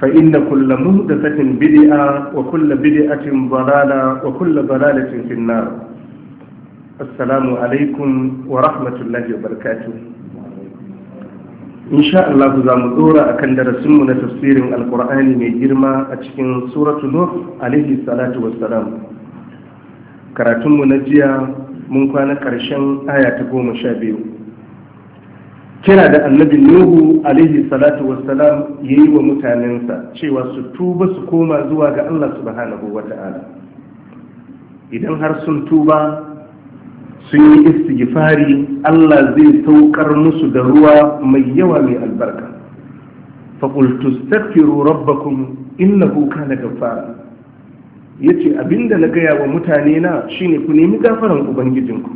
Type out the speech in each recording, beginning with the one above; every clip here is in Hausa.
فإن كل مهدفة بدعة وكل بدعة ضلالة وكل ضلالة في النار السلام عليكم ورحمة الله وبركاته إن شاء الله زام دورة أكن درسمنا تفسير القرآن من جرما أتشكين سورة نور عليه الصلاة والسلام كراتم نجيا من كان كرشن آية قوم شابيو kira da annabi nuhu alaihi salatu wassalam ya yi wa mutanensa cewa su tuba su koma zuwa ga allah subhanahu wa ta'ala idan har sun tuba sun yi istighfari allah zai saukar musu da ruwa mai yawa mai albarka faƙultu stafiru rabbakum innahu kana gafara ya ce abinda na gaya wa mutane na shine ku nemi gafaran ubangijinku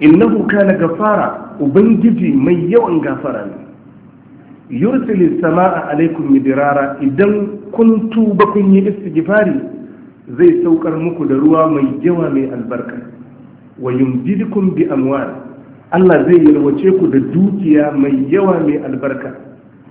innahu kana gafara ubangiji mai yawan gafara ne yursili sama'a alaikum midirara idan kun tuba kun yi istighfari zai saukar muku da ruwa mai yawa mai albarka wa yumdidukum bi amwal Allah zai yalwace ku da dukiya mai yawa mai albarka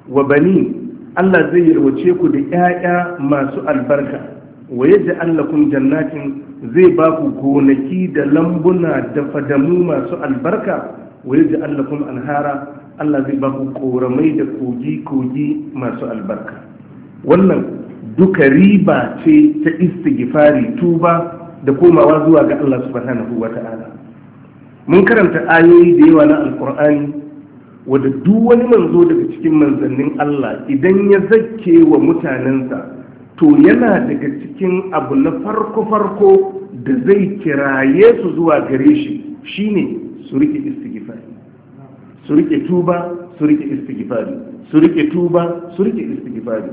wa bani Allah zai yalwace ku da 'ya'ya masu albarka wa yadda allakun jannatin zai ba ku gonaki da lambuna da fadamu masu albarka wa yadda allakun alhara allah zai ba ku koramai da kogi-kogi masu albarka wannan duka riba ce ta istighfari tuba da komawa zuwa ga allah subhanahu wa ta'ala mun karanta ayoyi da yawa na alkur'ani wadda duk wani manzo daga cikin manzannin allah idan ya zakke wa mutanensa to yana daga cikin abu na farko-farko da zai kiraye su zuwa gare shi shine su rike istighfari su rike tuba su rike istighfari su rike tuba su rike istighfari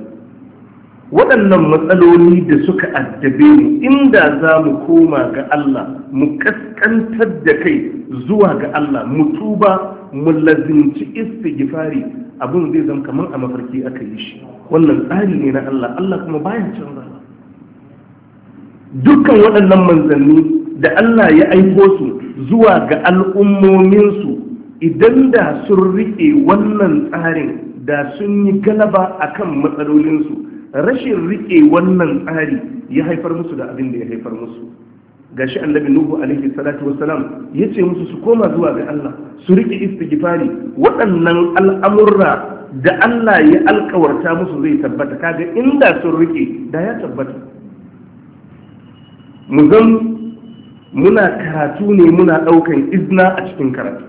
waɗannan matsaloli da suka addabe ni inda za mu koma ga Allah mu kaskantar da kai zuwa ga Allah mu tuba mu lazinci istighfari abin zai zama kamar a mafarki aka yi shi wannan tsari ne na Allah Allah kuma baya canza dukkan waɗannan manzanni da Allah ya aiko su zuwa ga al'ummominsu idan da sun riƙe wannan tsarin da sun yi galaba a kan matsalolinsu rashin riƙe wannan tsari ya haifar musu da abin da ya haifar musu gashi annabi nuhu alaihi salatu wassalam yace musu su koma zuwa ga Allah su rike istighfari waɗannan al'amurra da Allah ya alkawarta musu zai tabbata kaga inda sun riƙe da ya tabbata mu zan muna karatu ne muna ɗaukan izna a cikin karatu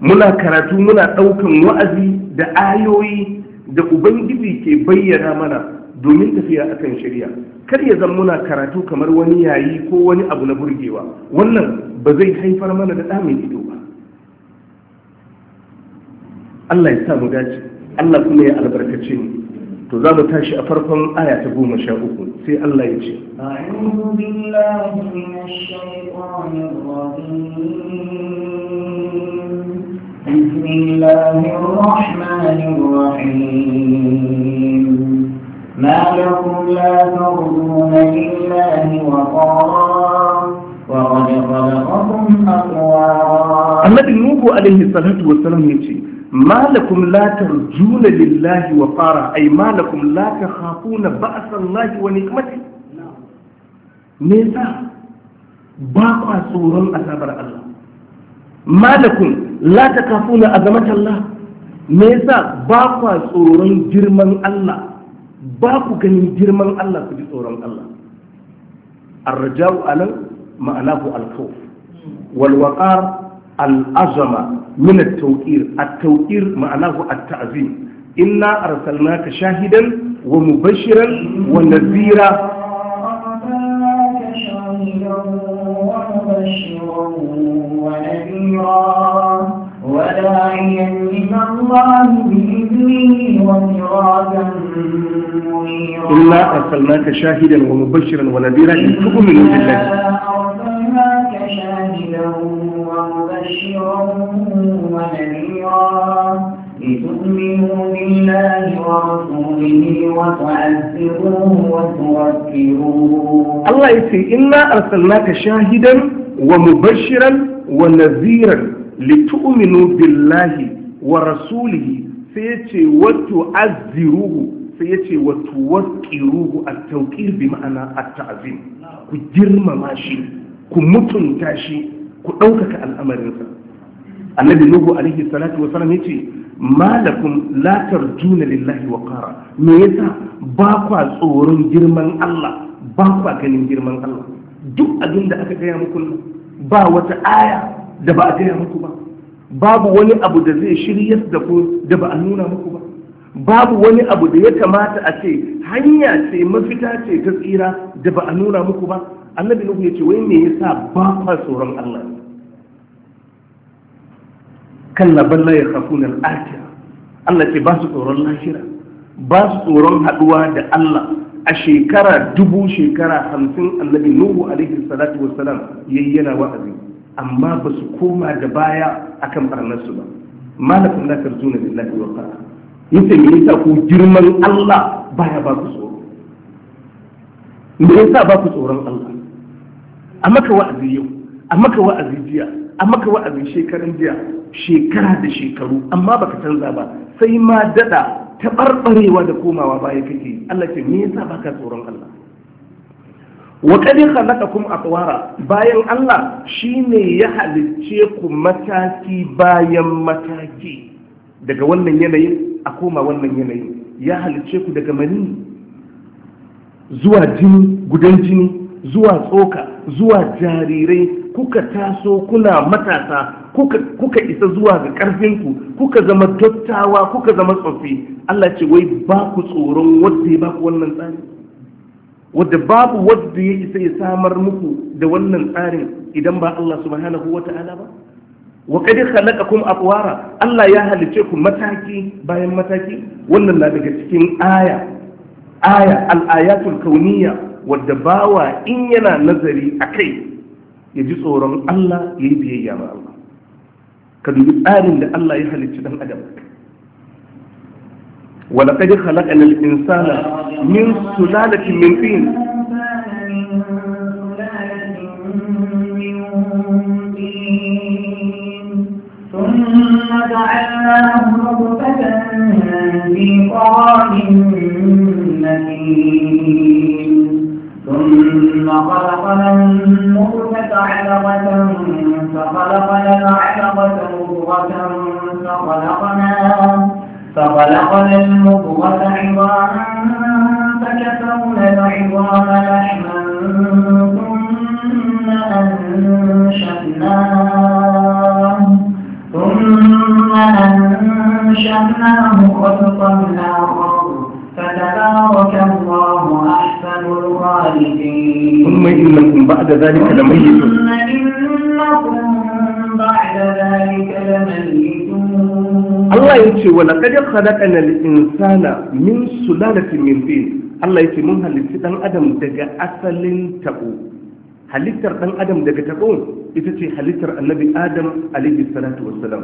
muna karatu muna ɗaukan wa'azi da ayoyi da ubangiji ke bayyana mana domin tafiya akan shari'a kar ya zama muna karatu kamar wani yayi ko wani abu na burgewa wannan ba zai haifar mana da mai ido ba Allah ya sa mu dace Allah kuma ya albarkace ni, to za mu tashi a farkon aya ta goma sha uku sai Allah ya ce a'udhu billahi minash shaitanir ما لكم لا ترجون لله وقارا وقد خلقكم أطوارا النبي نوح عليه الصلاة والسلام يقول ما لكم لا ترجون لله وقارا أي ما لكم لا تخافون بأس الله ونقمته نيسا نعم. باقى سورة أسابر الله ما لكم لا تخافون أزمة الله نيسا نعم. باقى سورة جرمان الله ba ku ganin girman Allah ku ji tsoron Allah arja'u anan ma'anahu al-khawf wal waqar al-azama min at-tawqir at-tawqir ma'anahu at-ta'zim inna arsalnaka shahidan wa mubashiran wa nadhira وداعيا الله بإذنه وسراجا منيرا إنا أرسلناك شاهدا ومبشرا ونذيرا إن تؤمنوا بالله أرسلناك شاهدا ومبشرا ونذيرا لتؤمنوا بالله ورسوله وتعزروه وتوكروه الله يسي إنا أرسلناك شاهدا ومبشرا ونذيرا litu'minu billahi wa rasulihi sai ya ce wato azziruhu sai ya ce wato at-tawqir bi ma'ana at-ta'zim ku girmama shi ku mutunta shi ku ɗaukaka al'amarinsa annabi nuhu alaihi salatu wasallam yace malakum la tarjuna lillahi wa qara me yasa ba kwa tsoron girman Allah ba kwa ganin girman Allah duk abinda aka gaya muku ba wata aya da ba a gaya muku ba babu wani abu da zai shirya da ku da ba a nuna muku ba babu wani abu da ya kamata a ce hanya ce mafita ce ta tsira da ba a nuna muku ba annabi nuhu ya ce wai me yasa ba kwa tsoron Allah kalla balla ya khafuna al-akhirah Allah ce ba su tsoron lahira ba su tsoron haduwa da Allah a shekara dubu shekara hamsin annabi nuhu alaihi salatu wassalam yayyana wa'azi amma ba su koma da baya akan barnarsu ba malakun la da lillahi wa qara yace me yasa ku girman Allah baya ba ku tsoro me yasa ba ku tsoron Allah a maka wa'azi yau a maka wa'azi jiya a maka wa'azi shekaran jiya shekara da shekaru amma baka canza ba sai ma dada taɓarɓarewa da komawa baya kake Allah ce me yasa baka tsoron Allah wa kadi a atwara bayan Allah shine ya halicce ku mataki bayan mataki daga wannan yanayin a koma wannan yanayin ya halicce ku daga mani zuwa jini gudan jini zuwa tsoka zuwa jarirai kuka taso kuna matasa kuka, kuka isa zuwa ga ƙarfinku kuka zama dattawa kuka zama tsoffi Allah ce wai ba ku tsoron wanda ya ba ku wannan tsari wadda babu wadda ya isa ya samar muku da wannan tsarin idan ba Allah subhanahu wa ta'ala ba wa kadi a atwara Allah ya halice ku mataki bayan mataki wannan na daga cikin aya aya al-ayatul kauniyya wadda bawa in yana nazari akai ya ji tsoron Allah ya yi biyayya ma Allah ka dubi tsarin da Allah ya halicci dan adam ولقد خلقنا الإنسان من سلالة من طين ثم جعلناه نطفة في قرار مكين ثم خلقنا النطفة علقة فخلقنا العلقة مضغة فخلقنا فخلق المضغة عظاما فكسرنا العظام لحما ثم أنشأناه ثم أنشأناه خلقا آخر فتبارك الله أحسن الخالقين ثم إنكم بعد ذلك لميتون Allah ya ce wa laqad khalaqana al-insana min sulalatin min tin Allah ya ce mun halitti dan adam daga asalin tabo halittar dan adam daga tabo ita ce halittar annabi adam alaihi salatu wassalam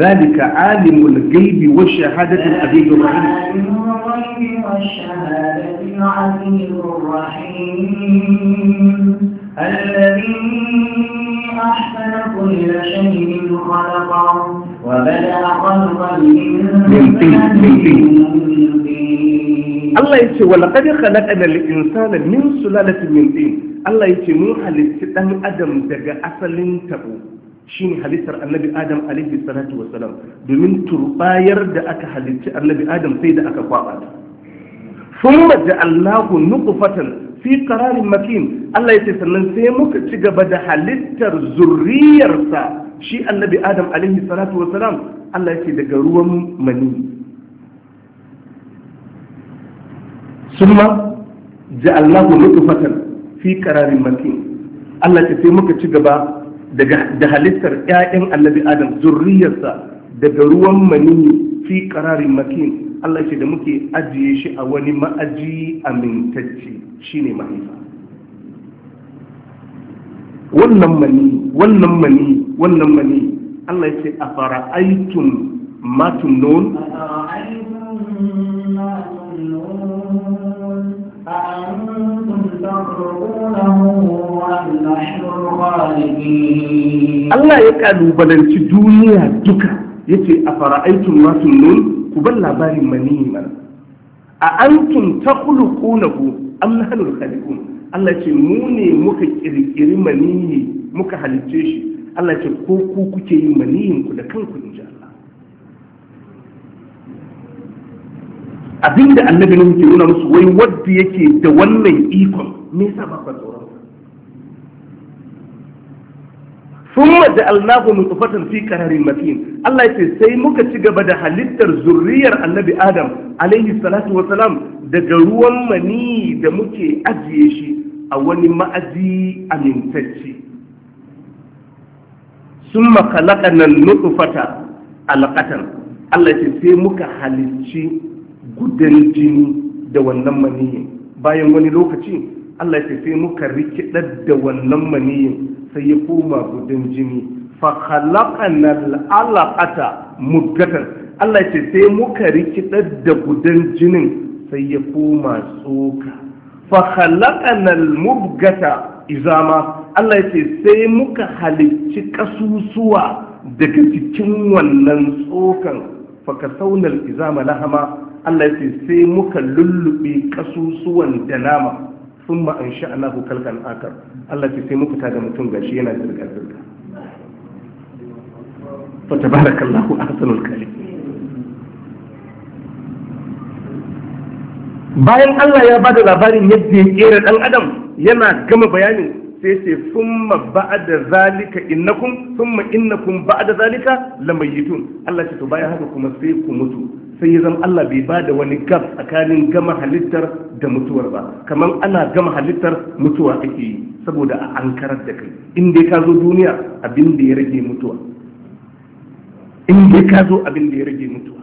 zalika alimul ghaibi wa shahadati al-azizur rahim الذي أحسن كل شيء خلقا وبدأ خلقا من الله يتي ولقد خلقنا الانسان من سلاله من طين الله يتي مو حلت ادم دغ اصلين تبو شين حلت النبي ادم عليه الصلاه والسلام دومين تربايير دا اكا حلت النبي ادم سيدا اكا كوابا ثم جعل الله نطفه fi qararin makin Allah yace sannan sai muka ci gaba da halittar zuriyarsa shi annabi Adam alaihi salatu wa salam, Allah yace daga ruwan mani summa mutu nutfatan fi qararin makin Allah yace sai muka ci gaba daga da halittar ƴaƴan annabi Adam zuriyarsa daga ruwan mani fi qararin makin Allah ce da muke ajiye shi a wani ma'aji amintacce shine mahaifa wannan mani wannan mani wannan mani Allah ya ce a fara fara'aitun matun non Allah ya kalubalanci duniya duka ya ce a fara'aitun matun non ku bar labarin maniyi mana a antum takhluqunahu am nahnu khaliqun Allah ce mu ne muka kirkiri maniyi muka halicce shi Allah ce ko ku kuke yin maniyin ku da kanku in ji Allah abinda annabi ne yake nuna musu wai wadda yake da wannan ikon me yasa ba ku thumma ja'alnahu nutfatan fi qararin matin Allah yace sai muka ci gaba da halittar zurriyar Annabi Adam alayhi salatu wa salam daga ruwan mani da muke ajiye shi a wani ma'aji Sun summa khalaqana nutfata alqatan Allah yace sai muka halicci gudan jini da wannan maniyin bayan wani lokaci Allah ya sai muka rikidar da wannan maniyin sai ya koma gudun jini fa khalaqana alaqata mudgatan Allah ce sai muka rikidar da gudun jinin sai ya koma tsoka fa khalaqana izama Allah ce sai muka halicci kasusuwa daga cikin wannan tsokan fa kasaunal izama lahama Allah ce sai muka lullube kasusuwan da nama sun ma an sha'anahu kalkan akar Allah ce sai muku da mutum gashi yana zirga zirga ba da fa a ahsanul kalim bayan Allah ya bada labarin yadda ya kera dan adam yana gama bayanin sai ce ba da zalika innakum summa innakum da zalika lamayyitun Allah ce to bayan haka kuma sai ku mutu sai ya zama Allah bai ba da wani gab tsakanin gama halittar da mutuwar ba kamar ana gama halittar mutuwa ake yi saboda a ankarar da kai in dai ka zo duniya abin da ya rage mutuwa in dai ka zo abin da ya rage mutuwa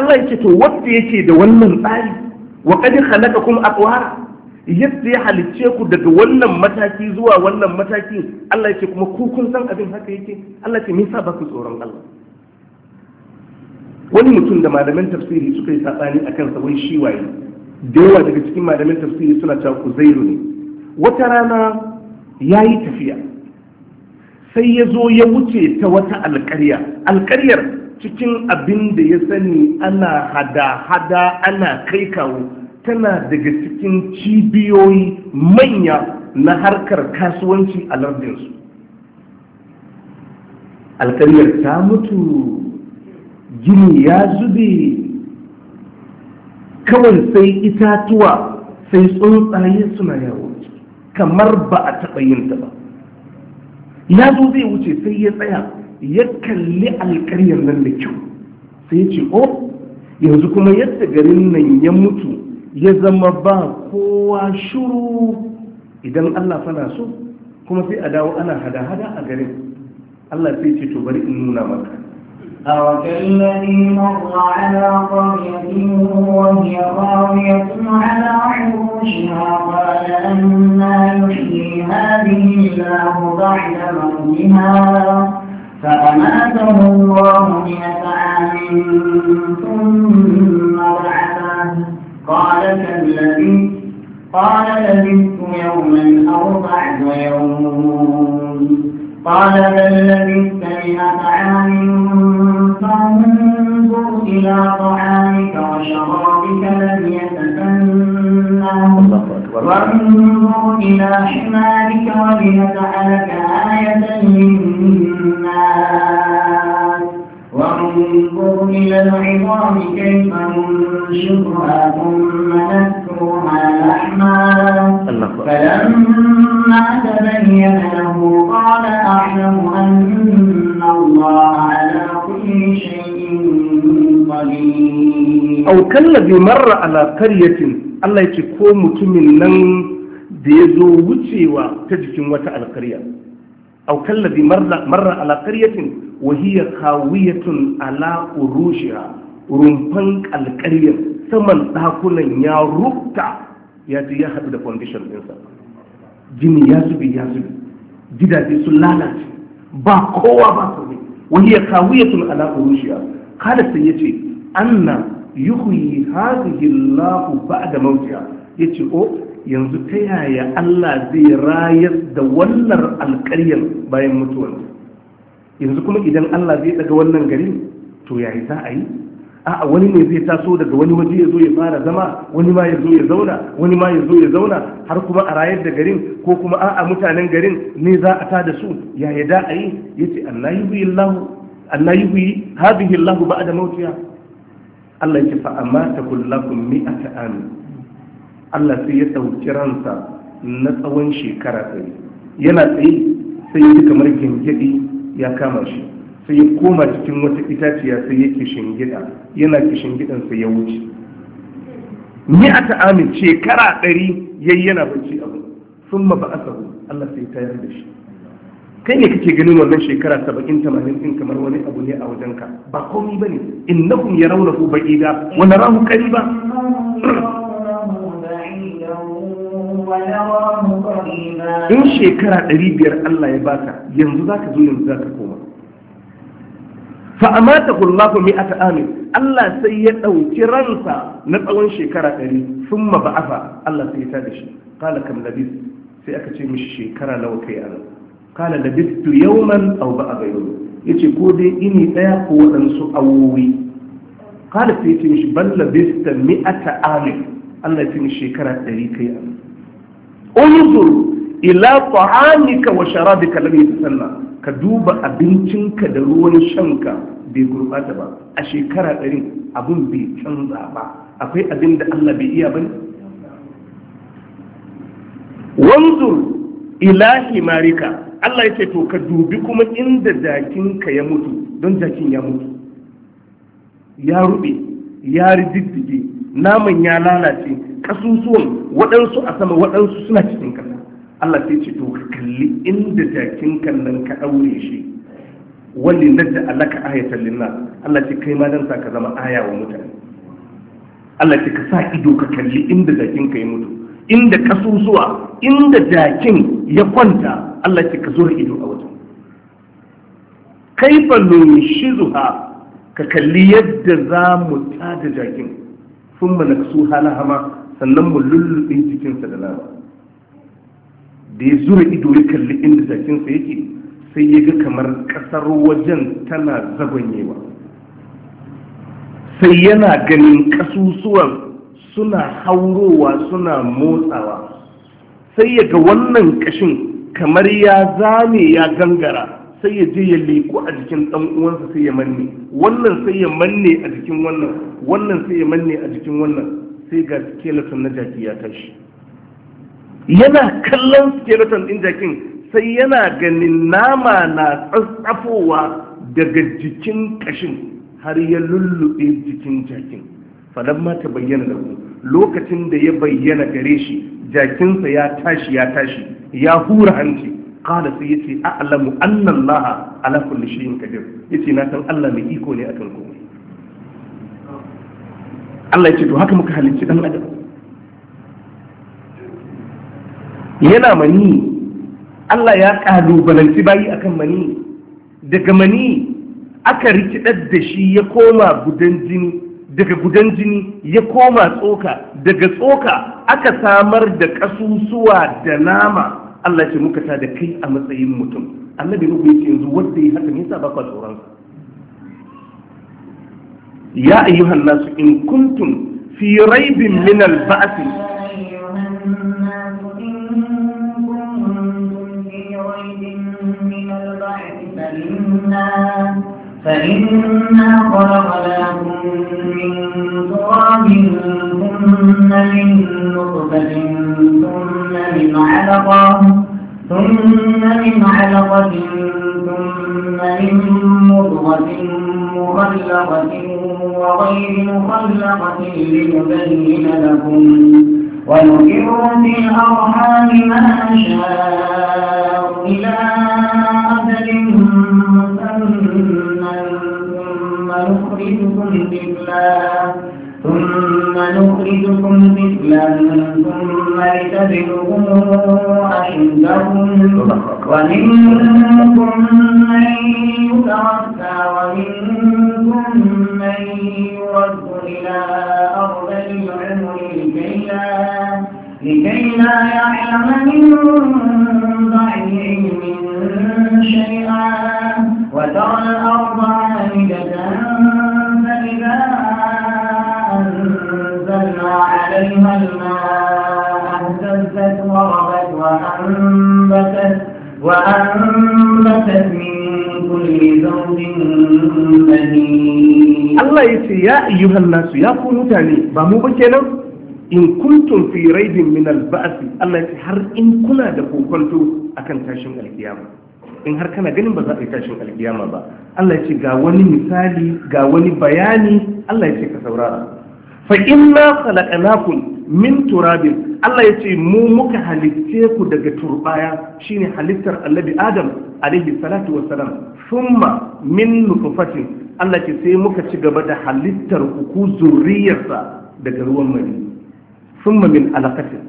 Allah yake to wanda yake da wannan tsari wa kad khalaqakum atwara yadda ya halicce ku daga wannan mataki zuwa wannan mataki Allah yake kuma ku kun san abin haka yake Allah yake me yasa ba ku tsoron Allah wani mutum da malamin tafsiri suka yi saɓani a kansa wai shi waye da yawa daga cikin malamin tafsiri suna cewa kuzairu ne wata rana ya yi tafiya sai ya zo ya wuce ta wata alkarya alkaryar cikin abin da ya sani ana hada-hada ana kai kawo tana daga cikin cibiyoyi manya na harkar kasuwanci a lardinsu alkaryar ta mutu gini ya zube kawai sai itatuwa sai tsuntsaye suna yawo kamar ba a taɓa yin ta ba ya zo zai wuce sai ya tsaya ya kalli alƙaryar nan da kyau sai ya ce o oh, yanzu kuma yadda garin nan ya mutu ya zama ba kowa shuru idan allah fana so kuma sai a dawo ana hada-hada a garin allah sai ce to bari in nuna maka أو كالذي مر على قرية وهي خاوية على عروشها قال أنا يحيي هذه الله بعد موتها فأماته الله مئة عام ثم بعثه قال كالذي قال لبثت يوما أو بعد يوم قال بل لبثت مئة عام فانظر إلى طعامك وشرابك لم يتسنه وانظر إلى حمارك ولنجعلك آية للناس انظر إلى العظام كيف ننشرها ثم نكسوها لحما فلما تبين له قال أعلم أن الله على كل شيء قدير أو كالذي مر على قرية Allah ya ce ko mutumin nan da ya zo wucewa ta jikin wata alkarya au kallabi marra ala karyatin wahiyar kawiyatun ala urushiya rumfan alƙaryar saman ɗakunan ya rufta ya ce ya haɗu da foundation ɗinsa jini ya zubi ya zubi gidaje sun lalace ba kowa ba su ne wahiyar kawiyatun ala urushiya kada sai ya ce anna yuhyi hadhihi da ba'da Ya ce, o yanzu ta yaya Allah zai rayar da wannan alƙaryar bayan mutuwarsa yanzu kuma idan Allah zai daga wannan garin to yayi za a yi a wani ne zai taso daga wani waje ya zo ya fara zama wani ma ya zo ya zauna wani ma ya zo ya zauna har kuma a rayar da garin ko kuma a mutanen garin ne za a ta da su ya yi da a yi ya ce Allah yi huyi Allah Allah ba da mautiya Allah ya fa amma ta kullakum mi'ata amin Allah sai ya ɗauki ransa na tsawon shekara tsaye yana tsaye sai ya kamar gengedi ya kama shi sai ya koma cikin wata itaciya sai ya kishingida yana kishingidan sai ya wuce ni a ta'amin shekara ɗari yi yana bacci abu sun ma sabu Allah sai tayar da shi kai ne kake ganin wannan shekara saba'in tamanin din kamar wani abu ne a wajenka ba komi ba In ya innahum ko ba'ida wa narahu ba? in shekara ɗari biyar Allah ya baka yanzu za ka zo yanzu za ka koma Fa fa'amata ku mi ata amin Allah sai ya ɗauki ransa na tsawon shekara ɗari sun ba'afa Allah sai ya tada shi kala kam labis sai aka ce mishi shekara nawa kai a nan kala labis tu yauman au ba'a ga yau ya ce ko dai ini ɗaya ko waɗansu awowi kala sai ya ce mishi ban labis ta mi ata amin Allah ya ce mishi shekara ɗari kai a nan unzur ila ta'amika wa sharabika lam yatasanna ka duba abincinka da ruwan shanka bai gurbata ba a shekara ɗari abin bai canza ba akwai abin da Allah bai iya bane wanzur ila himarika Allah ya ce to ka dubi kuma inda jakinka ya mutu don jakin ya mutu ya rube ya rididdige naman ya lalace kasusuwan waɗansu a sama waɗansu suna cikin ƙasa Allah sai ce to ka kalli inda jakin nan ka aure shi wani na da alaka ayatan lina, Allah ce kai ma dan sa ka zama aya wa mutane Allah ce ka sa ido ka kalli inda jakin ka ya mutu inda kasusuwa inda jakin ya kwanta Allah ce ka zura ido a wajen kaifa nunshizuha ka kalli yadda za mu tada jakin sun mana su halahama sannan mu lullubin jikinsa da lama da ya zura ido ya kalli inda jakinsa yake sai ya ga kamar kasar wajen tana zagonyewa sai yana ganin kasusuwan suna haurowa suna motsawa sai ya ga wannan kashin kamar ya zame ya gangara sai ya je ya leku a jikin ɗan uwansa sai ya manne wannan sai ya manne a jikin wannan wannan sai ya manne a jikin wannan sai ga skeleton na jaki ya tashi yana kallon skeleton din jakin sai yana ganin nama na tsatsafowa daga jikin kashin har ya lullube jikin jakin falamma ta bayyana da ku lokacin da ya bayyana gare shi jakinsa ya tashi ya tashi ya hura hanci kada sai yace a'lamu anna allaha ala kulli shay'in ya yace na san Allah mai iko ne a kanko. Allah ya ce to haka muka halicci dan adam yana mani Allah ya kalubalanci bayi akan mani daga mani aka rikidar da shi ya koma gudan jini daga gudan jini ya koma tsoka daga tsoka aka samar da kasusuwa da nama Allah ce muka ta da kai a matsayin mutum annabi nuhu yace yanzu wanda ya haka me yasa ba ka tsoron يا أيها الناس إن كنتم في ريب من البعث فإنا خلقناكم من تراب ثم من نطفة ثم من علقة ثم من علقة ثم من مضغة مخلقة وغير مخلقة لنبين لكم ونقر في الأرحام ما نشاء إلى أجل مسمى ثم نخرجكم طفلا ثم نخرجكم مثلا ثم لتبلغوا أشدكم ومنكم من يتوفى ومنكم من يرد إلى أرض العمر لكي لا لكي لا يعلم من بعد علم شيئا وترى الأرض عامدة عليها الماء اهتزت وربت وانبتت وانبتت من الله يا أيها الناس يا فلوتاني بامو بكينو إن كنتم في ريب من البعث الله يتحر إن كنا دفو كنتو أكن تاشم القيامة إن هر كنا قلن بزاق تاشم القيامة با الله يتحر قاواني مثالي قاواني بياني الله يتحر كثورا fa inna khalaqnakum min turabin Allah ya ce mu muka halitte ku daga turbaya shine halittar annabi Adam alaihi salatu wassalam thumma min nutfatin Allah ce sai muka ci gaba da halittar ku zuriyarsa daga ruwan mani thumma min alaqatin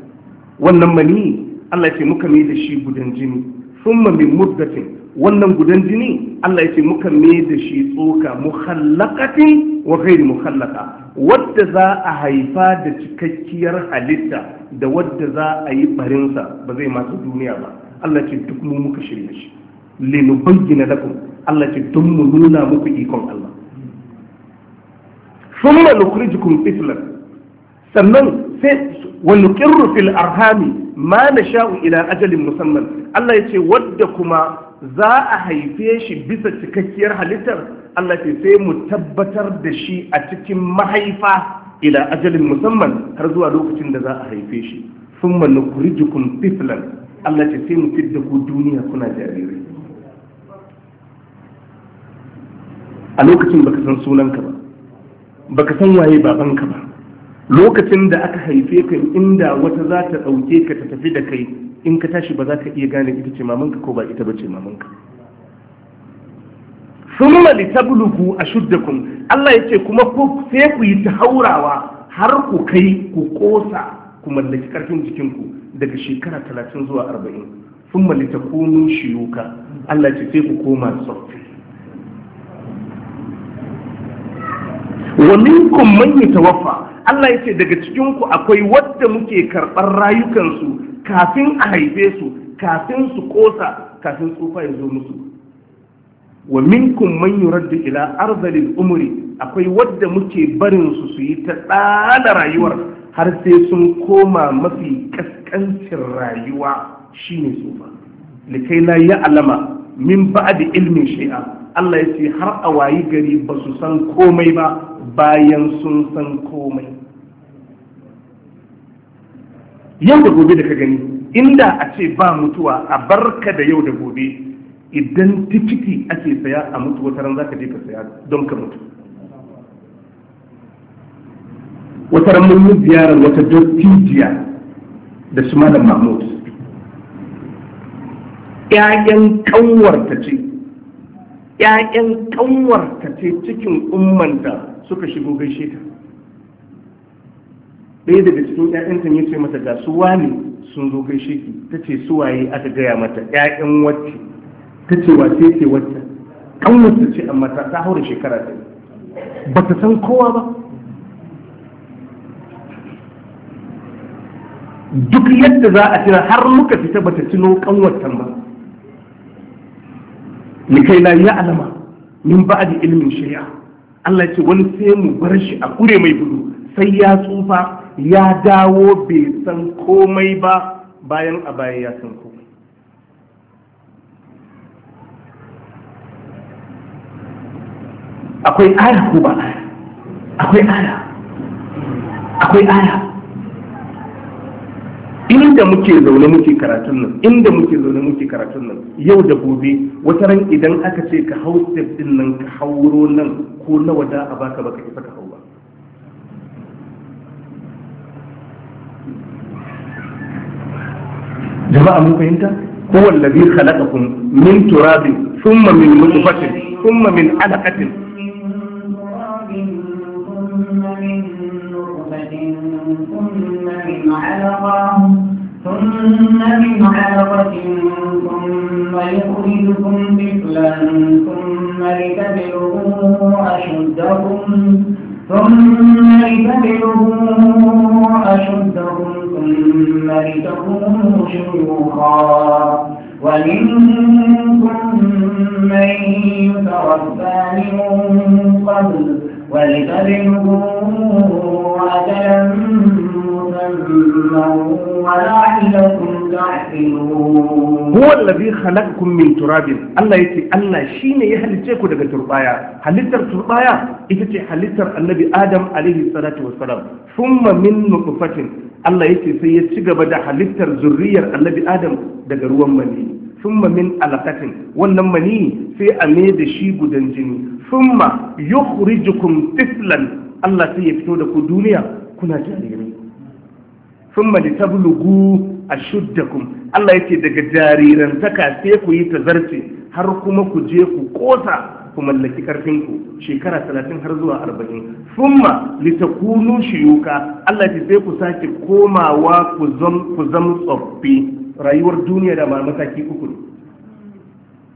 wannan mani Allah ya ce muka mai da shi gudan jini thumma min muddatin wannan gudan jini Allah ya ce muka mai da shi tsoka mukhallaqatin wa ghairi mukhallaqa wadda za a haifa da cikakkiyar halitta da wadda za a yi barinsa ba zai masu duniya ba Allah ce duk mu muka shirya shi linubayyana lakum Allah ce don mu nuna muku ikon Allah thumma nukhrijukum tiflan sannan sai wa nuqirru fil arhami ma nasha'u ila ajalin musamman Allah ya ce wadda kuma za a haife shi bisa cikakkiyar halittar Allah ce sai mu tabbatar da shi a cikin mahaifa ila ajalin musamman har zuwa lokacin da za a haife shi sun manu kurijikun tiflan Allah ce sai mu da ku duniya kuna jarirai a lokacin baka san sunanka ba baka san waye babanka ba lokacin da aka haife ka inda wata za ta ɗauke ka ta tafi da kai in ka tashi ba za ka iya gane ita ce mamanka ko ba ita ba ce mamanka sun mali tabluku a Allah ya ce kuma ku sai ku yi ta haurawa har ku kai ku kosa ku mallaki karfin jikinku daga shekara talatin zuwa arba'in sun mali ta kunu shiyuka Allah ce sai ku koma tsoffi wa minkum man yatawaffa Allah ya ce daga cikinku akwai wadda muke karɓar rayukansu kafin a haife su kafin su kosa kafin tsufa ya zo musu wa minkum man yuraddu ila arzalin umri akwai wadda muke barin su su yi ta tsada rayuwar har sai sun koma mafi kaskancin rayuwa shine ba likai la ya alama min ba'di ilmin shay'a Allah ya ce har a wayi gari ba su san komai ba bayan sun san komai yau da gobe da ka gani inda a ce ba mutuwa a barka da yau da gobe idan ciki ake saya a mutu wata ran ka je ka saya don ka mutu wata ran mun yi ziyarar wata dottijiya da su malam mahmud ƴaƴan ta ce ƴaƴan ta ce cikin ummanta suka shigo gaishe ta ɗaya daga cikin ƴaƴanta ne ce mata ga su ne sun zo gaishe ki ta ce suwaye aka gaya mata ƴaƴan wacce ta ce wa ce ce wacce kanwarsa ce amma ta ta haura shekara ta ba ta san kowa ba duk yadda za a tira har muka fita ba ta tuno kanwartan ba Ni kai na ya alama min ji ilimin shari'a Allah ce wani sai mu bar shi a kure mai gudu sai ya tsufa ya dawo bai san komai ba bayan a baya ya san komai akwai aya ko ba aya akwai aya akwai aya inda muke zaune muke karatun nan inda muke zaune muke karatun nan yau da gobe wata ran idan aka ce ka hau step din nan ka hauro nan ko nawa da a baka baka ifa ka hau ba jama'a mun fahimta ko wallazi khalaqakum min turabin thumma min nutfatin thumma min alaqatin علقة ثم من علقة ثم يخرجكم طفلا ثم لتبلغوا أشدكم ثم لتبلغوا أشدكم ثم لتكونوا شيوخا ومنكم من يتربى من قبل ولتبلغوا أجلا مسمى ولعلكم تعقلون هو الذي خلقكم من تراب الله يتي الله شيني يهلتكم daga turbaya halittar turbaya ita ce halittar annabi adam alaihi salatu wassalam thumma min nutfatin Allah yake sai ya ci gaba da halittar zurriyar annabi adam daga ruwan mani thumma min wannan mani sai ame me da shi gudan jini thumma yukhrijukum tiflan Allah sai ya fito da ku duniya kuna jarirai thumma litablughu ashuddakum Allah yake daga jarirantaka sai ku yi tazarce har kuma ku je ku kosa ku mallaki karfin ku shekara 30 har zuwa 40 thumma litakunu shuyuka Allah yake sai ku sake komawa ku zam ku zam tsoffi rayuwar duniya da mataki uku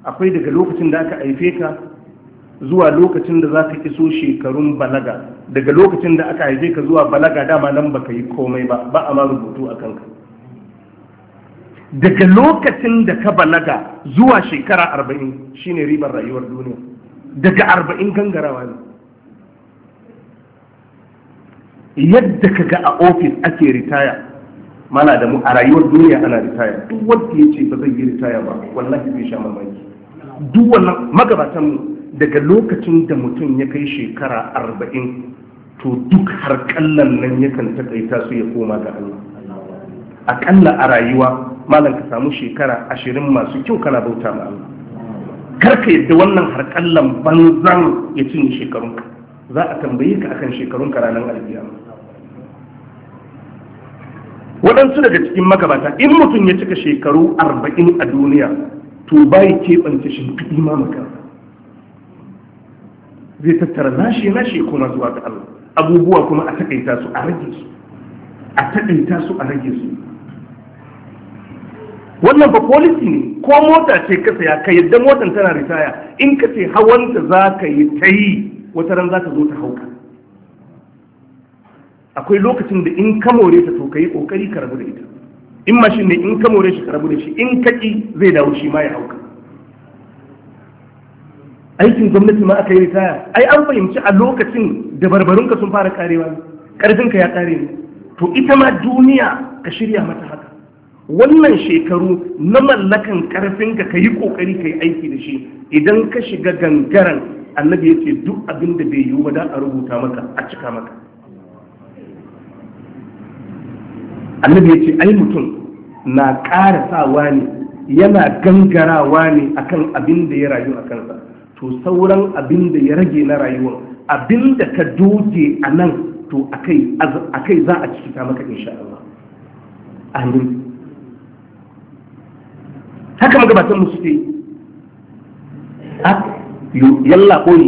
akwai daga lokacin da aka haife ka zuwa lokacin da za ka iso shekarun balaga daga lokacin da aka haife ka zuwa balaga dama nan baka yi komai ba ba a ma rubutu a kanka daga lokacin da ka balaga zuwa shekara arba'in shine ribar rayuwar duniya daga arba'in gangarawa ne yadda ka ga a ofis ake ritaya mana da mu a rayuwar duniya ana ritaya duk wanda ya ce ba zai yi ritaya ba wallahi zai sha mamaki duk wannan magabatanmu daga lokacin da mutum ya kai shekara arba'in to duk kallon nan yakan takaita su ya koma ga Allah aƙalla a rayuwa malam ka samu shekara ashirin masu kyau kana bauta ma Allah karka yadda wannan kallon banzan ya cinye shekarunka za a tambaye ka akan shekarunka ranar alkiyama waɗansu daga cikin magabata in mutum ya cika shekaru arba'in a duniya to bai keɓance shimfiɗi ma maka zai tattara nashi nashi kuma zuwa ga Allah abubuwa kuma a taƙaita su a rage su a taƙaita su a rage su wannan ba policy ne ko mota ce ka saya ka yadda motan tana ritaya in ka ce hawanta za ka yi ta yi wata ran za ka zo ta hauka akwai lokacin da in ka more ta to ka yi kokari ka rabu da ita in mashin ne in ka more shi ka rabu da shi in kaki zai dawo shi ma ya hauka aikin gwamnati ma aka yi ritaya ai an fahimci a lokacin da barbarunka sun fara karewa karfinka ya kare ne to ita ma duniya ka shirya mata haka wannan shekaru na mallakan karfinka ka yi kokari ka yi aiki da shi idan ka shiga gangaren annabi ya ce duk abin da bai yiwu ba da a rubuta maka a cika maka annabi ya ce ai mutum na ƙara sawa ne yana gangarawa ne akan abin da ya rayu a kansa to sauran abin da ya rage na rayuwa, abin da ka doge a nan to a kai za a cikita maka insha Allah amin haka magabatan mu suke yalla koyi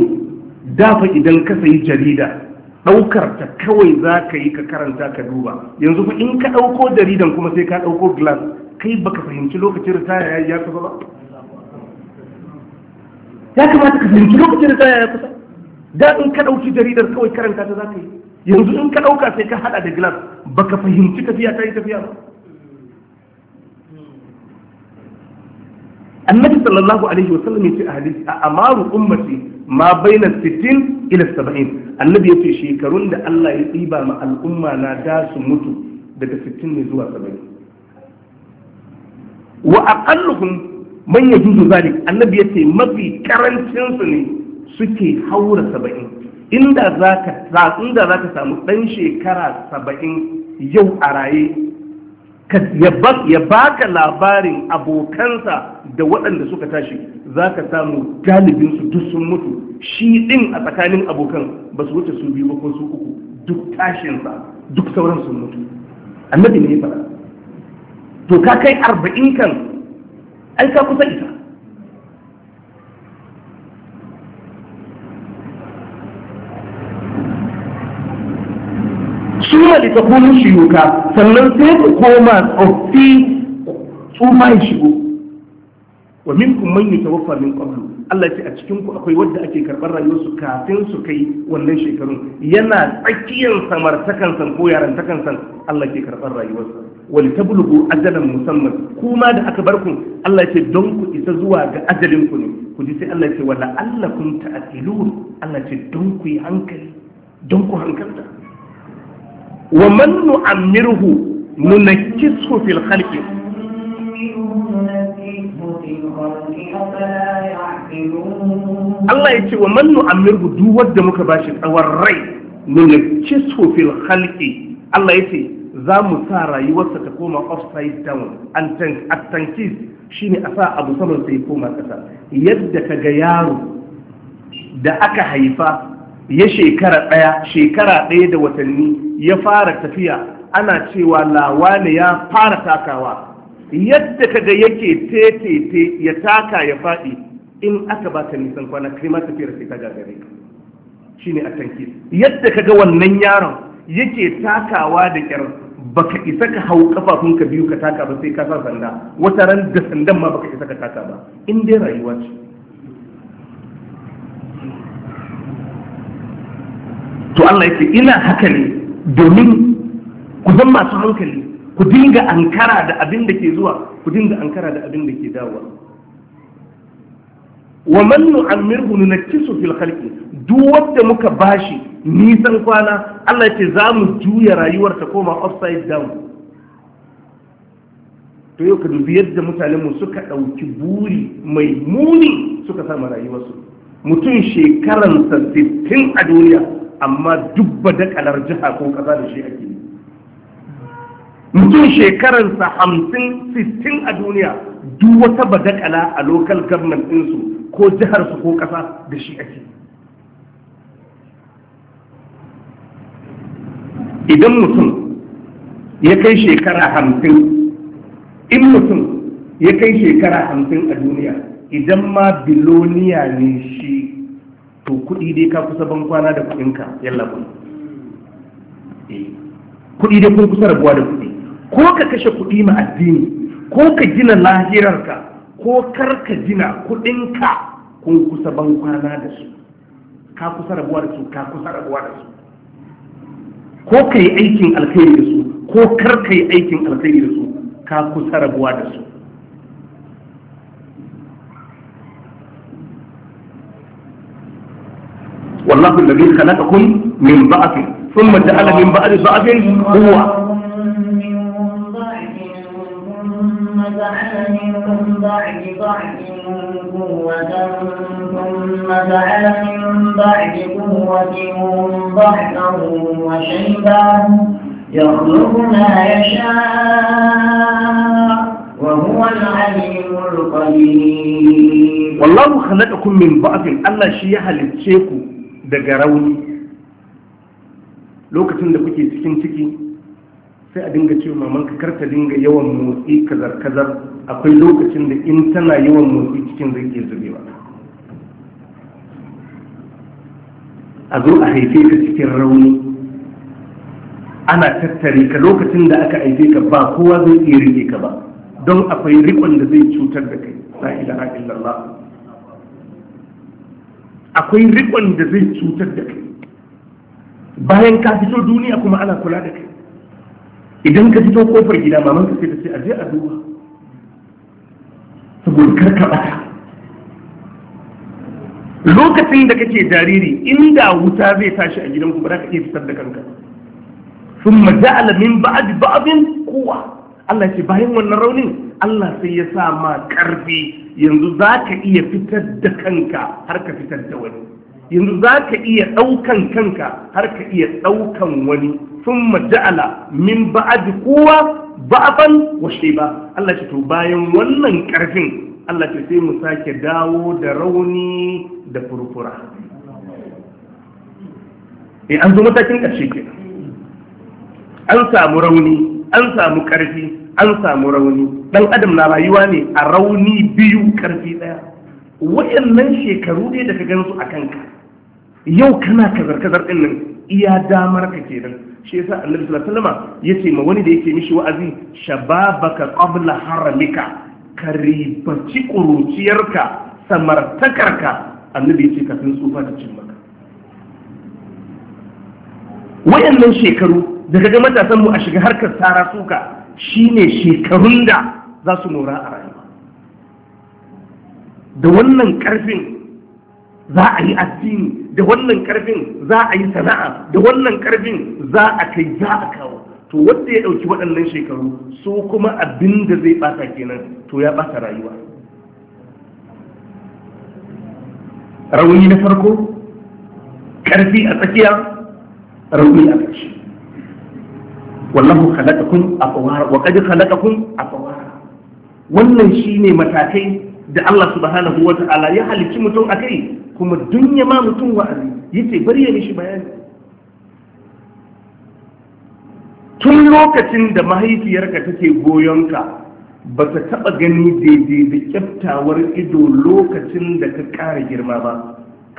dafa idan ka sayi jarida ɗaukar ta kawai za ka yi ka karanta ka duba yanzu in ka ɗauko jaridan kuma sai ka ɗauko glass kai baka fahimci lokacin ritaya ya ya ba ya kamata ka fahimci lokacin da tsaya ya kusa da in ka ɗauki jaridar kawai karanta ta za ka yi yanzu in ka ɗauka sai ka haɗa da gilas ka fahimci tafiya ta yi tafiya ba annabi sallallahu alaihi wa sallam yace a hadisi a amaru ummati ma baina 60 ila 70 annabi yace shekarun da Allah ya tsiba ma al'umma na da su mutu daga 60 ne zuwa 70 wa aqalluhum man ya juzu zalik annabi yace mafi karancin su ne suke haura saba'in inda za ka inda za samu ɗan shekara saba'in yau a raye ya baka labarin abokansa da waɗanda suka tashi za ka samu galibin su duk sun mutu shi ɗin a tsakanin abokan ba su wuce su biyu ba ko su uku duk tashinsa duk sauran sun mutu annabi ne ya faɗa to ka kai arba'in kan ai ka kusa ita? su da ta kuma shiyuka sannan sai ku koma tsoffi ma ya shigo wa minkum manyan yutawaffa min qablu Allah ce a cikin ku akwai wanda ake karɓar rayuwarsu kafin su kai wannan shekarun yana tsakiyar samar san ko yaran san Allah ke karɓar rayuwarsa wani tablugu ajalan musamman kuma da aka bar ku Allah ya ce don ku isa zuwa ga ajalin ku ne ku ji sai Allah ya ce wala allakum ta'qilun Allah ya ce don ku yi hankali don ku hankalta wa man nu'ammirhu nunakkisuhu fil khalqi Allah ya ce wa man nu'ammirhu duk wanda muka bashi tsawon rai nunakkisuhu fil khalqi Allah ya ce za mu sa rayuwarsa ta koma upside down at tankis shi ne a sa abu saman sai koma ƙasa yadda ka ga yaro da aka haifa ya shekara ɗaya shekara ɗaya da watanni ya fara tafiya ana cewa lawane ya fara takawa yadda ka ga yake tetete ya taka ya faɗi in aka ba ka nisan kwana kai ma tafiyar sai ka gagare ka shine a tankis yadda ka ga wannan yaron yake takawa da kyar baka isa ka hau kafafun ka biyu ka taka ba sai ka sa sanda wata ran da sandan ma baka isa ka taka ba in dai rayuwa ce to Allah yake ina haka ne domin ku zan masu hankali ku dinga ankara da abin da ke zuwa ku dinga ankara da abin da ke dawowa wa man nu'ammirhu nunakkisu fil khalqi duk wanda muka bashi nisan kwana Allah ce za mu juya rayuwar ta koma upside down to yau ka dubi yadda mutanen mu suka ɗauki buri mai muni suka rayuwar su mutum shekaran sa 60 a duniya amma dubba da kalar jiha ko kaza da shi ake mutum shekaransa hamsin 60 a duniya duk wata badakala a local government ɗinsu ko jiharsu ko ƙasa da shi ake idan mutum ya kai shekara hamsin in mutum ya kai shekara hamsin a duniya idan ma biloniya ne shi to kuɗi dai ka kusa ban kwana da kuɗinka yalla kun eh, kuɗi dai kun kusa rabuwa da kuɗi ko ka kashe kuɗi ma addini ko ka gina lahirarka ko karka gina kudinka kun kusa ban kwana da su ka kusa rabuwa da su ka kusa rabuwa da su ko ka yi aikin alkhairi da su ko karka yi aikin alkhairi da su ka kusa rabuwa da su wallahu alladhi khalaqakum min ba'thin thumma ja'ala min ba'di ba'thin quwwa من بعد قوة ثم جعل من بعد قوة ضعفا وشيبا يخلق ما يشاء وهو العليم القدير والله خلقكم من بعض الله شيء هل daga rauni lokacin da kuke cikin sai a dinga cewa maman ka karta dinga yawan motsi kazar kazar akwai lokacin da in tana yawan motsi cikin zai iya zubewa a zo a haife ka cikin rauni ana tattare ka lokacin da aka haife ka ba kowa zai iya rike ka ba don akwai rikon da zai cutar da kai na ilaha illallah akwai rikon da zai cutar da kai bayan ka fito duniya kuma ana kula da kai idan ka fito kofar gida maman ka sai ta ce aje a duba saboda kar bata lokacin da kake jariri inda wuta zai tashi a gidanku ba za ka iya fitar da kanka sun maja a ba'ad ba'adin kowa Allah ce bayan wannan raunin Allah sai ya sa ma karfi yanzu za ka iya fitar da kanka har ka fitar da wani yanzu za ka iya ɗaukan kanka har ka iya ɗaukan wani sun maja'ala min ba'adi kowa ba'afan washe ba Allah ce to bayan wannan ƙarfin Allah ce sai mu sake dawo da rauni da furfura e an zo matakin ƙarshe ke an samu rauni an samu ƙarfi an samu rauni ɗan adam na rayuwa ne a rauni biyu ƙarfi ɗaya Wayannan shekaru ne da ka gansu a kanka yau kana kazar-kazar ɗin nan iya damar ka kenan shi yasa annabi sallallahu alaihi wasallam ce ma wani da yake mishi wa'azi shababaka qabla haramika ka ribaci kuruciyarka samartakarka annabi ka kafin tsufa ta cin maka wayannan shekaru da ga matasan mu a shiga harkar tsara suka shine shekarun da za su nora a rayuwa da wannan karfin za a yi addini da wannan karfin za a yi sana'a da wannan karfin za a kai za a kawo to wanda ya ɗauki waɗannan shekaru su kuma abin da zai ɓata kenan to ya ɓata rayuwa rauni na farko ƙarfi a tsakiya rauni a ƙarshe wallahu khalaqakum afwara wa qad khalaqakum afwara wannan shine matakai da Allah subhanahu wa ta'ala ya halicci mutum a kai kuma dunya ma mutum wa'azi yace bari ya mishi bayani tun lokacin da mahaifiyarka take goyonka ba ta taɓa gani daidai da kyaftawar ido lokacin da ka ƙara girma ba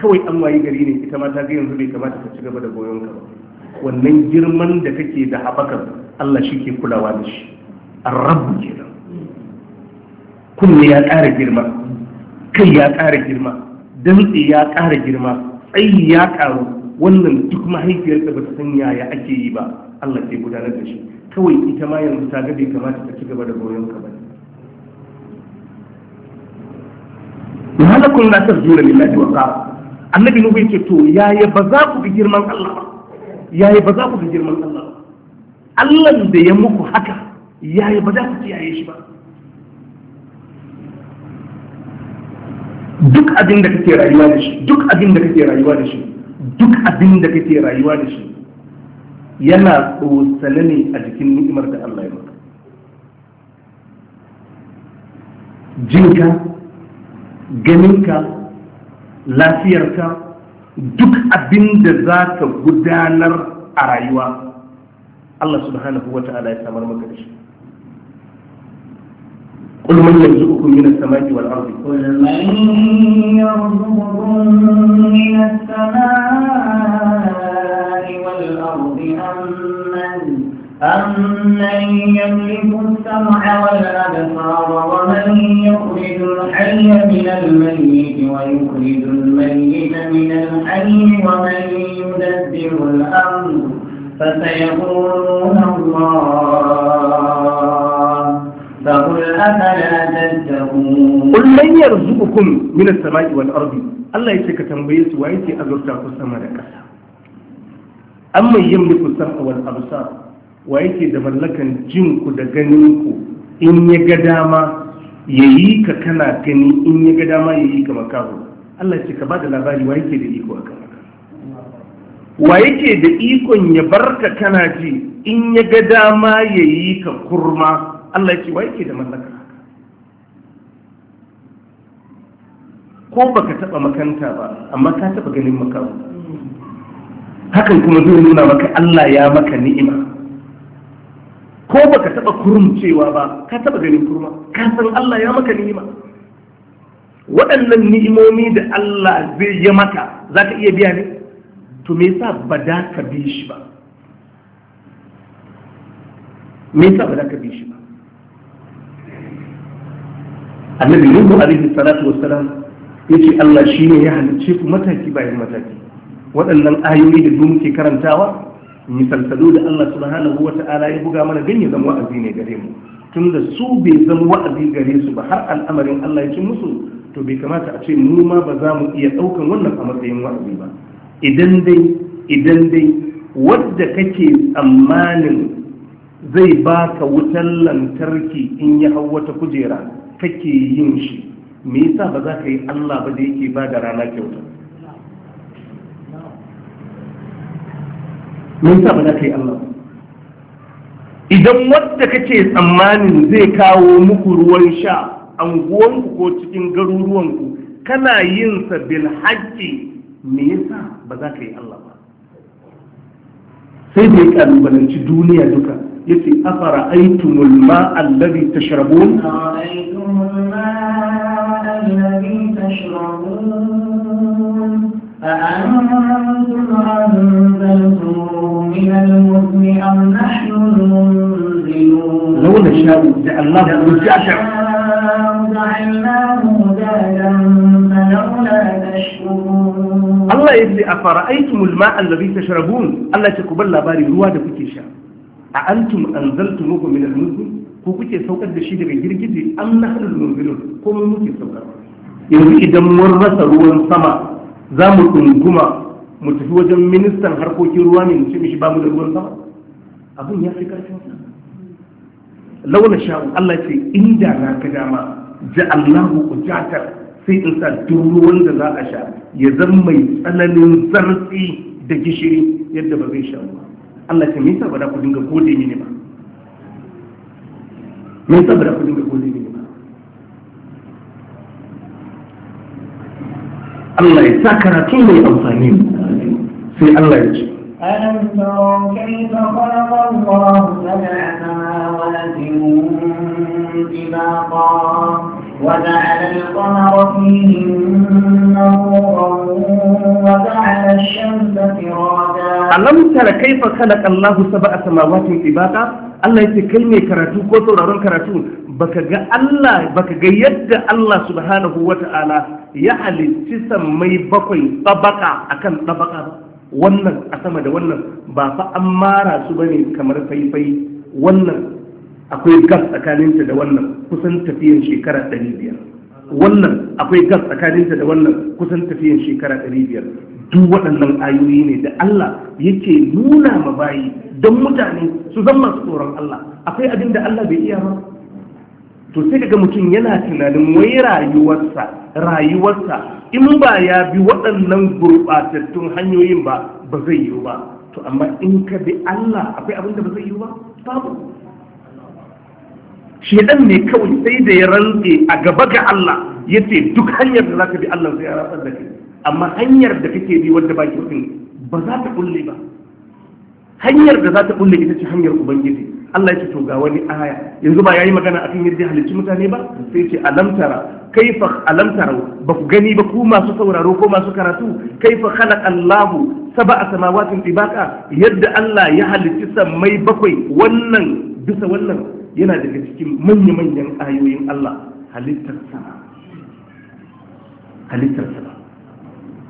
kawai an wayi gari ne ita ma ta ga yanzu bai kamata ka ci gaba da goyonka ba wannan girman da kake da haɓakar Allah shi ke kulawa da shi an rabu kenan kunne ya ƙara girma kai ya ƙara girma dantse ya ƙara girma tsayi ya ƙaru wannan duk mahaifiyarsa ba ta san yaya ake yi ba Allah ke gudanar da shi kawai ita ma yanzu ta ga bai kamata ta ci gaba da goyon ka ba halakun na ta ne lillahi wa qara annabi nuhu yake to yaya ba za ku bi girman Allah ba yaya ba za ku bi girman Allah ba Allah da ya muku haka yaya ba za ku kiyaye shi ba duk abin da kake rayuwa da shi duk abin da kake rayuwa da shi duk abin da kake rayuwa da shi yana tsotsane ne a jikin ni'imar da Allah ya maka jinka ganinka lafiyarka duk abin da za ka gudanar a rayuwa Allah subhanahu wa ta'ala ya samar maka da shi قل من يرزقكم من السماء والأرض قل من يرزقكم من السماء والأرض أمن أمن يملك السمع والأبصار ومن يخرج الحي من الميت ويخرج الميت من الحي ومن يدبر الأمر فسيقولون الله قل من يرزقكم من السماء والأرض الله ku? تنبيه سوايتي أزرتا قسم ya أما يملك السمع والأبصار ويكي دملكا جنك دغنينك إن يقداما يييك كنا كني إن يقداما ka ba da labari بعد الأباري da iko أكبر wa yake da ikon ya barka kana ji in ya ga dama yayi ka kurma Allah ya ce wa yake da mallaka ko baka taba makanta ba amma ka taba ganin makamu hakan kuma zai nuna maka Allah ya maka ni'ima ko baka taba kurumcewa ba ka taba ganin kurma ka san Allah ya maka ni'ima waɗannan ni'imomi da Allah zai yi maka za ka iya biya ne to me yasa ba da ka bi shi ba me yasa ba da ka bi shi ba annabi nuhu alaihi salatu wassalam yace Allah shi ne ya halice ku mataki bayan mataki waɗannan ayoyi da duk muke karantawa misalsalu da Allah subhanahu wata'ala ya buga mana ganye zama wa'azi ne gare mu tun da su bai zama wa'azi gare su ba har al'amarin Allah ya ci musu to bai kamata a ce mu ma ba za mu iya ɗaukan wannan a matsayin wa'azi ba idan dai idan dai wadda kake tsammanin zai baka wutar lantarki in ya hau wata kujera kake yin shi me yasa ba za ka yi Allah ba da yake ba da rana kyauta me yasa ba za ka yi Allah idan wadda kake tsammanin zai kawo muku ruwan sha anguwanku ko cikin garuruwanku kana yin sa bil haƙƙi me yasa ba za ka yi Allah ba sai da ya kalubalanci duniya duka yace afara aitumul الماء الذي تشربون أأنتم أنزلتموه من المزن أم نحن المنزلون لو نشاء جعلناه مجعشع جعلناه مجاجا فلولا تشكرون الله يجزي أفرأيتم الماء الذي تشربون الله تقبل باري الواد كتشا a antum muku min al-muzni ko kuke saukar da shi daga girgije an na hannun ko mun muke saukar yanzu idan mun rasa ruwan sama za mu ɗunguma mu tafi wajen ministan harkokin ruwa ne mu ce mishi ba mu da ruwan sama abin ya fi karfin launa sha'u Allah ce inda na ka dama ji Allahu ujatar sai in sa duk ruwan da za a sha ya zama mai tsananin zartsi da gishiri yadda ba zai sha ba Allah ce me ba da ku dinga gode mini ba me ba da ku dinga gode mini ba Allah ya sa karatu mai amfani sai Allah ya ce ألم تروا كيف خلق الله سبع سماوات طباقا وجعل القمر فيهن نورا Allah mu tara kai fa كيف خلق الله سبع سماوات Allah ya ce kai mai karatu ko sauraron karatu baka ga Allah baka ga yadda Allah subhanahu wata'ala ya halitti sammai bakwai babaka akan babaka wannan a sama da wannan ba fa an mara su bane kamar faifai wannan akwai gas tsakaninta da wannan kusan tafiyan shekara ɗari biyar wannan akwai gas tsakaninta da wannan kusan tafiyan shekara ɗari biyar duk waɗannan ayoyi ne da Allah yake nuna ma bayi don mutane su zama masu tsoron Allah akwai abin da Allah bai iya ba to sai kaga mutum yana tunanin wai rayuwarsa rayuwarsa in ba ya bi waɗannan gurɓatattun hanyoyin ba ba zai yiwu ba to amma in ka bi Allah akwai abin da ba zai yiwu ba babu shedan ne kawai sai da ya rantse a gaba ga Allah ya ce duk hanyar da za ka bi Allah zai rasa da kai amma hanyar da kake bi wanda ba ki kyautin ba za ta kulle ba hanyar da za ta kulle ita ce hanyar ubangiji Allah ya ce to ga wani aya yanzu ba yayi magana akan yadda halicci mutane ba sai ce tara kaifa tara ba ku gani ba ku masu sauraro ko masu karatu kaifa khalaqa Allah sab'a samawati tibaka yadda Allah ya halicci sammai bakwai wannan bisa wannan yana daga cikin manya-manyan ayoyin Allah halittar sama halittar sama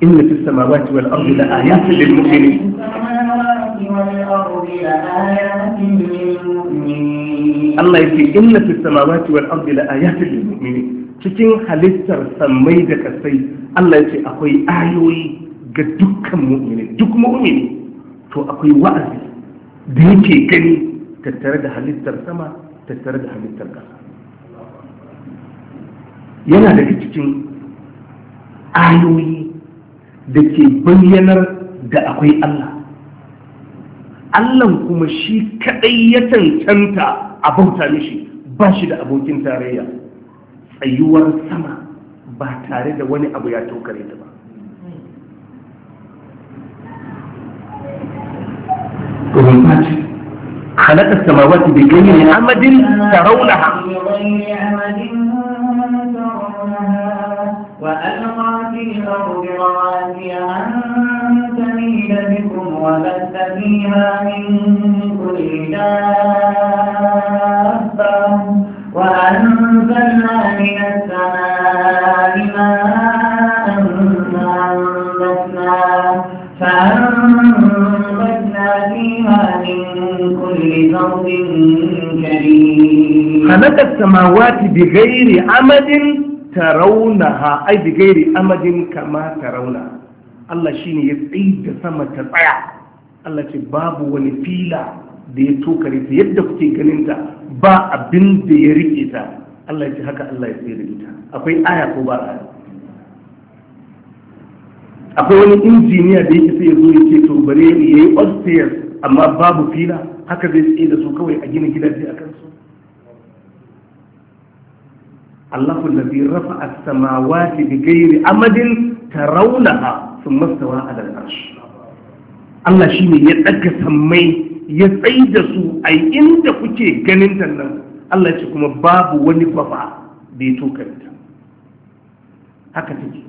inna fi samawati wal ardi la ayatin lil mu'minin Allah yake na fi samawati wal ardi la ayatin lil mu'minin cikin halittar sammai da kasai Allah yake akwai ayoyi ga dukkan mu'mini duk mu'mini to akwai wa'azi da yake gani tattare da halittar sama tattare da halittar ƙasa yana daga cikin ayoyi da ke bayyanar da akwai Allah Allah kuma shi kaɗai ya cancanta a bauta mishi ba shi da abokin tarayya tsayuwar sama ba tare da wani abu ya tokare ta ba kuma ce خلق السماوات بغير عمد ترونها وألقى في الأرض رواسي أن تميل بكم وبث فيها من كل دابة وأنزلنا من السماء كل زوج كريم خلق السماوات بغير عمد ترونها أي بغير عمد كما ترونها Allah shi ne ya tsayi da sama ta tsaya Allah ce babu wani fila da ya tokare ta yadda kuke ganin ta ba abinda ya rike ta Allah ya ce haka Allah ya tsaye da ita akwai aya ko ba aya akwai wani injiniya da yake sai ya zo ya ce to bare ya yi upstairs amma babu fila haka zai tsaye da su kawai a gina gidaje a kansu Allahu allazi rafa'a as-samawati bighairi amadin tarawunaha thumma stawa 'ala al-'arsh Allah shine ya daga sammai ya tsaye da su a inda kuke ganin nan Allah ce kuma babu wani kwafa da ya tokanta haka take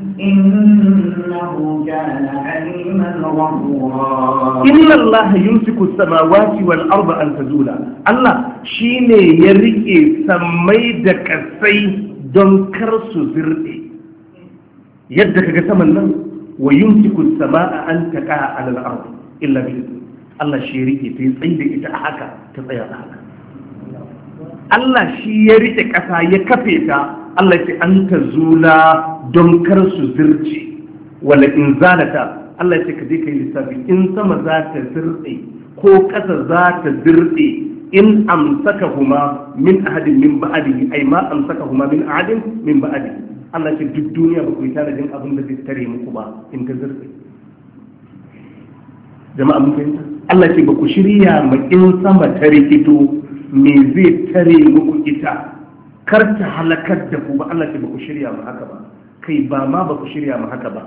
إنه Allah عليما غفورا إن الله يمسك السماوات والأرض أن تزولا الله شيني يريئي سميدك السيد don kar su zirde. yadda kaga saman nan wa yumsiku samaa an taqa ala al-ard illa bi Allah shi ya rike ta tsayi da ita a haka ta tsaya a haka Allah shi ya rike ƙasa ya kafe ta Allah ce an ta zula don kar su zirce wala in zanata Allah ce ka je ka yi lissafi in sama za ta zirce ko ƙasa za ta zirce in amsaka huma min ahadin min ba'adi ai ma amsaka huma min ahadin min ba'adi Allah ce duk duniya ba ku yi tanadin abin da zai tare muku ba in ta zirce jama'a mun fahimta Allah ce ba ku shirya ma in sama ta rikito me zai tare muku ita kar ta halakar da ku ba Allah ce ba ku shirya mu haka ba kai ba ma ba ku shirya mu haka ba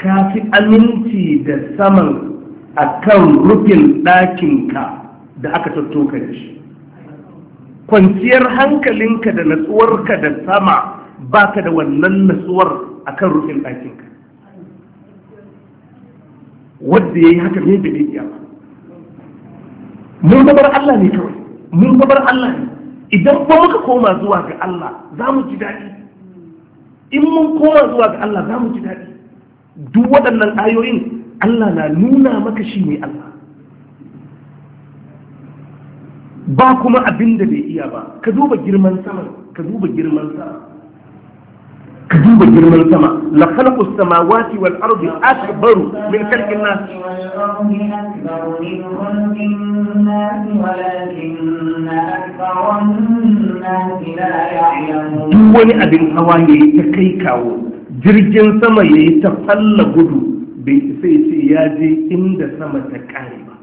ka fi aminci da saman akan rufin ɗakinka da aka tattoka da shi kwanciyar hankalinka da natsuwarka da sama ba ka da wannan natsuwar akan rufin ɗakinka wadda ya yi haka ne da ɗaya ba mun gabar Allah ne kawai mun gabar Allah ne idan ba muka koma zuwa ga Allah za mu ji daɗi in mun koma zuwa ga Allah za mu ji daɗi duk waɗannan ayoyin Allah na nuna maka shi ne Allah ba kuma abin da bai iya ba ka duba girman sama ka duba girman sama duba girman sama la khalqus samawati wal ardi akbaru min khalqin nas duk wani abin hawa ya yi ta kai kawo jirgin sama ya yi ta falla gudu bai isa ya ce ya je inda sama ta kare ba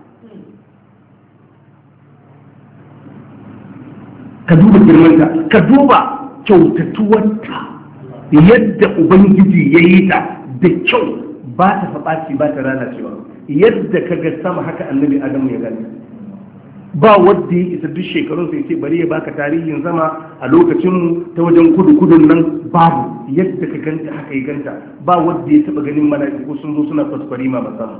ka duba girmanta ka duba kyautatuwarta yadda ubangiji ya yi ta da kyau ba ta faɓaci ba ta lalacewa yadda ka ga sama haka annabi adam ya gani ba wadda ya isa duk shekarun sai ce bari ya baka tarihin zama a lokacin ta wajen kudu kudun nan babu yadda ka ganta haka ya ganta ba wadda ya taba ganin mala'iku sun zo suna kwaskwari ma ba sama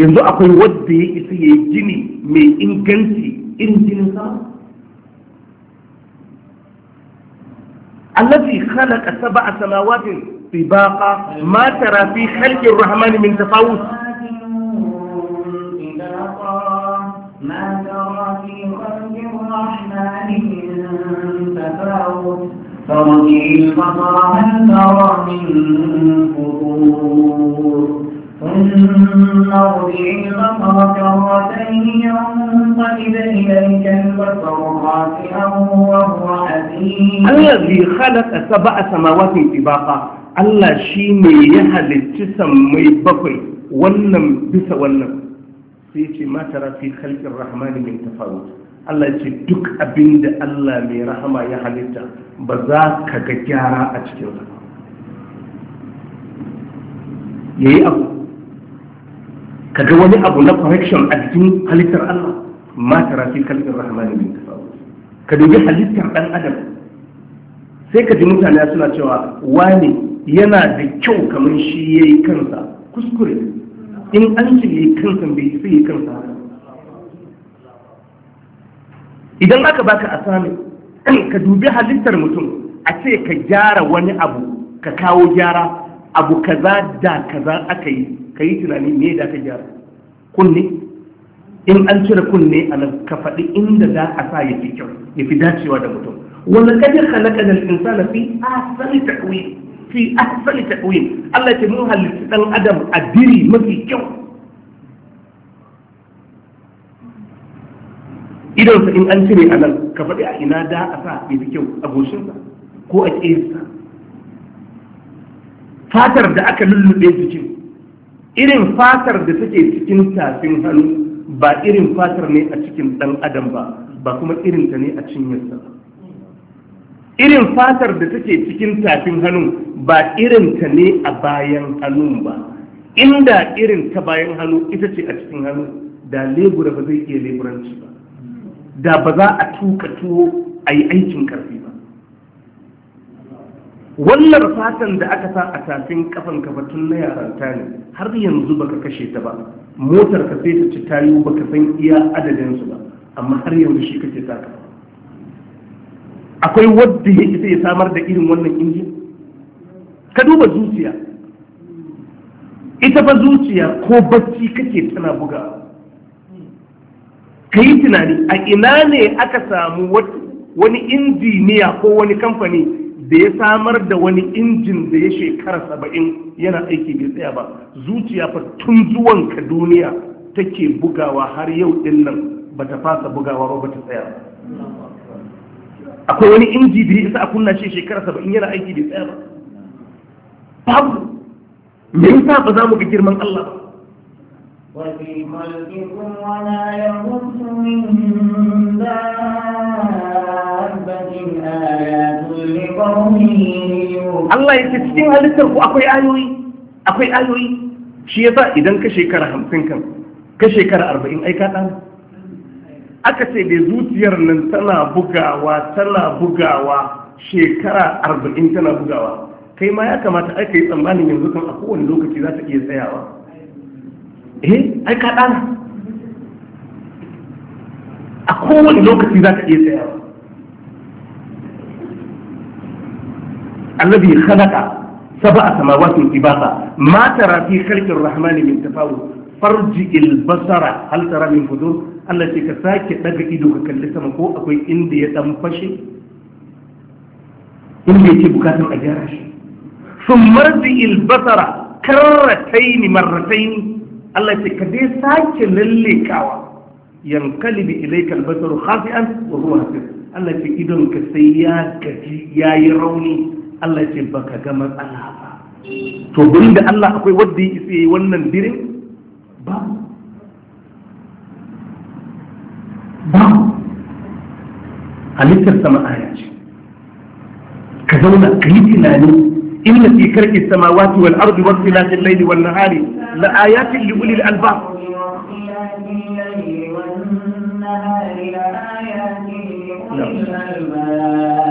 yanzu akwai wadda ya isa ya gini mai inganci injinin sama الذي خلق سبع سماوات طباقا ما ترى في خلق الرحمن من تفاوت ما ترى في الرحمن من تفاوت فرجع البصر هل ترى من فطور ثم ارجع البصر كرتين ينقلب إليك البصر خاسئا وهو حسين الذي خلق سبع سماوات طباقا Allah shi ne ya halicci sammai bakwai wannan bisa wannan sai ce matara fi halkin rahmani mai tafawut Allah ce duk abin da Allah mai rahama ya halitta ba za ka ga gyara a cikin ya yi abu ka ga wani abu na correction a jikin halittar Allah ma tara fi kalbin rahmani min ka dubi halittar dan adam sai ka ji mutane suna cewa wani yana da kyau kamar shi yayi kansa kuskure in an ce yayi kansa bai sai yayi kansa idan aka baka asami ka dubi halittar mutum a ce ka gyara wani abu ka kawo gyara abu kaza da kaza aka yi ka yi tunani me da ka gyara kunne in an cire kunne a nan ka faɗi inda za a sa ya fi kyau ya fi dacewa da mutum wanda kaje halaka da insana fi asali takwim fi asali takwim Allah ta mun halitta ɗan adam a diri mafi kyau idonsa in an cire a nan ka faɗi a ina da a sa ya fi kyau a goshinsa ko a ƙesa fatar da aka lullube jikin irin fatar da take cikin tafin hannu ba irin fatar ne a cikin dan adam ba ba kuma irin ta ne a cinyarsa irin fatar da take cikin tafin hannu ba irin ta ne a bayan hannun ba inda irin ta bayan hannu ita ce a cikin hannu da lebura ba zai iya leburanci ba da ba za a tuka tuwo a yi aikin karfi ba wannan fatan da aka sa a tafin kafan ka na yaranta ne har yanzu baka kashe ta ba motar ka sai ta ci tayu baka san iya adadin su ba amma har yanzu shi kake sa akwai wadda yake sai ya samar da irin wannan injin ka duba zuciya ita fa zuciya ko bacci kake tana buga ka yi tunani a ina ne aka samu wani injiniya ko wani kamfani da ya samar da wani injin da ya shekara saba'in yana aiki bai tsaya ba zuciya fa tun zuwan ka duniya take bugawa har yau din nan ba ta fasa bugawa ba ba ta tsaya akwai wani inji da ya isa a kunna shi shekara saba'in yana aiki bai tsaya ba babu me yasa ba za mu ga girman Allah ba وفي خلقكم ولا يخص من Allah ya ce cikin halittar ku akwai ayoyi akwai ayoyi shi yasa idan ka shekara hamsin kan ka shekara arba'in ai ɗan aka ce da zuciyar nan tana bugawa tana bugawa shekara arba'in tana bugawa kai ma ya kamata aka yi tsammanin yanzu kan a kowane lokaci za ta iya tsayawa eh ai ɗan a kowane lokaci za ta iya tsayawa alladhi khalaqa sab'a samawatin ibasa ma tara fi khalqir rahmani min tafawut farji albasara hal min fudur Allah ce ka sake daga ido ka kalli sama ko akwai inda ya dan fashe inda yake a gyara shi sun marji albasara karrataini marrataini Allah ce ka dai sake lallekawa yankalibi ilaika albasaru khafi'an Allah idon ka sai ya gaji yayi rauni Allah ce baka ga matsala ba to gurin da Allah akwai wadda ya isa yi wannan dire ba ba halittar sama aya ce ka zauna ka yi tunani inna fi karki samawati wal ardi wa ikhtilafil layli wan nahari la ayatin li ulil albab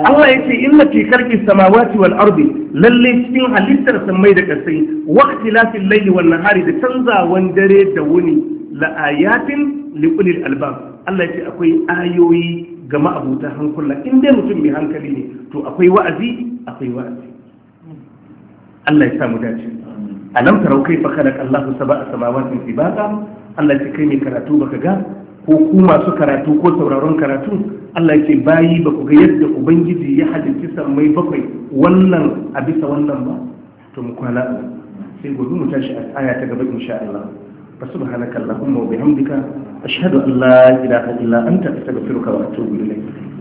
Allah ya yace inna fi khalqi samawati wal ardi lalle cikin halittar samai da kasai waqti lafil layli wan nahari da canzawan dare da wuni la ayatin li ulil albab Allah yace akwai ayoyi ga ma'abuta hankula in dai mutum mai hankali ne to akwai wa'azi akwai wa'azi Allah ya samu dace alam tarau kaifa khalaqa Allahu sab'a samawati tibaqa Allah ya ce kai mai karatu baka ga ko ku masu karatu ko sauraron karatu Allah ya ce bayi ba ku ga yadda ubangiji ya halitta sammai bakwai wannan a bisa wannan ba to mu kwana sai gobe mu tashi a aya ta gaba insha Allah فسبحانك اللهم وبحمدك an أن لا إله إلا أنت أستغفرك وأتوب إليك